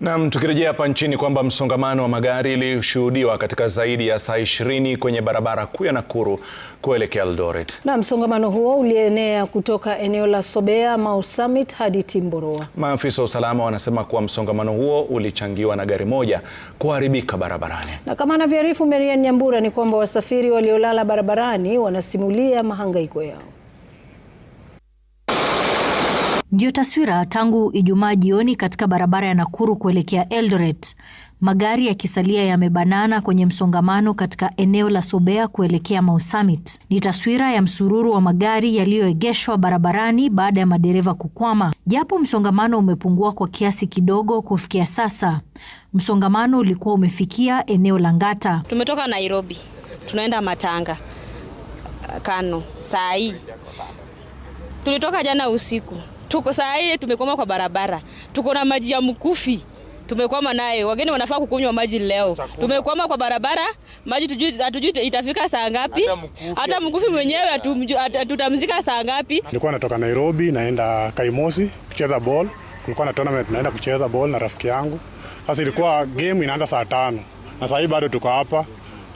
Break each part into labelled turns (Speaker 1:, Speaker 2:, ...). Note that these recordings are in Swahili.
Speaker 1: Naam, tukirejea hapa nchini kwamba msongamano wa magari ulishuhudiwa katika zaidi ya saa 20 kwenye barabara kuu ya Nakuru kuelekea Eldoret.
Speaker 2: Na msongamano huo ulienea kutoka eneo la Sobea, Mau Summit hadi Timboroa.
Speaker 1: Maafisa wa usalama wanasema kuwa msongamano huo ulichangiwa na gari moja kuharibika barabarani.
Speaker 2: Na kama anavyoarifu Marian Nyambura ni kwamba wasafiri waliolala barabarani wanasimulia mahangaiko yao.
Speaker 3: Ndiyo taswira tangu Ijumaa jioni katika barabara ya Nakuru kuelekea Eldoret, magari yakisalia yamebanana kwenye msongamano katika eneo la Sobea kuelekea Mau Summit. Ni taswira ya msururu wa magari yaliyoegeshwa barabarani baada ya madereva kukwama. Japo msongamano umepungua kwa kiasi kidogo kufikia sasa, msongamano ulikuwa umefikia eneo la Ngata.
Speaker 4: Tumetoka Nairobi tunaenda Matanga Kano saa hii, tulitoka jana usiku Tuko saa hii tumekoma kwa barabara, tuko na maji ya mkufi tumekwama naye, wageni wanafaa kukunywa maji leo. Tumekwama kwa barabara, maji tujui, hatujui itafika saa ngapi. Hata mkufi mwenyewe tutamzika saa ngapi?
Speaker 5: Nilikuwa natoka Nairobi naenda Kaimosi kucheza ball, kulikuwa na tournament naenda kucheza ball na rafiki yangu. Sasa ilikuwa game inaanza saa tano na saa hii bado tuko hapa,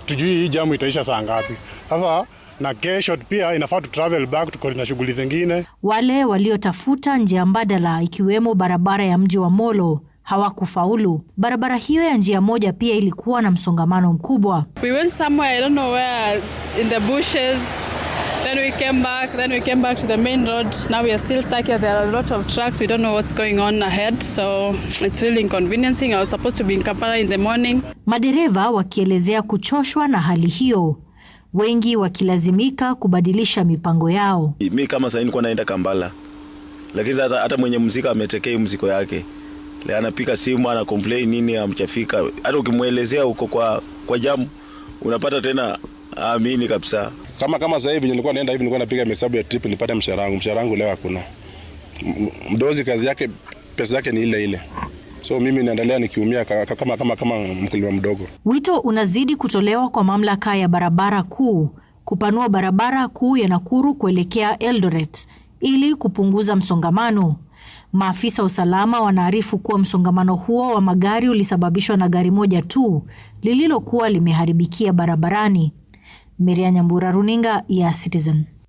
Speaker 5: tujui hii jamu itaisha saa ngapi sasa na kesho pia inafaa tu travel back tuko na shughuli zingine.
Speaker 3: Wale waliotafuta njia mbadala ikiwemo barabara ya mji wa Molo hawakufaulu. Barabara hiyo ya njia moja pia ilikuwa na msongamano mkubwa.
Speaker 6: We went somewhere I don't know where in the bushes then we came back then we came back to the main road now we are still stuck here there are a lot of trucks we don't know what's going on ahead so it's really inconveniencing I was supposed to be in Kampala in the morning.
Speaker 3: Madereva wakielezea kuchoshwa na hali hiyo wengi wakilazimika kubadilisha mipango yao.
Speaker 7: Mi kama sasa nilikuwa naenda Kambala, lakini hata, hata mwenye mziki ametekei mziko yake, anapika simu ana complain nini, amchafika. Hata ukimwelezea uko kwa, kwa jamu unapata tena amini ah, kabisa.
Speaker 8: Kama kama sasa hivi nilikuwa naenda hivi, nilikuwa napiga hesabu ya trip nipate mshahara wangu. Mshahara wangu leo hakuna mdozi, kazi yake pesa yake ni ile ile so mimi naendelea nikiumia kama, kama, kama mkulima mdogo.
Speaker 3: Wito unazidi kutolewa kwa mamlaka ya barabara kuu kupanua barabara kuu ya Nakuru kuelekea Eldoret ili kupunguza msongamano. Maafisa wa usalama wanaarifu kuwa msongamano huo wa magari ulisababishwa na gari moja tu lililokuwa limeharibikia barabarani. Maria Nyambura, runinga ya Citizen.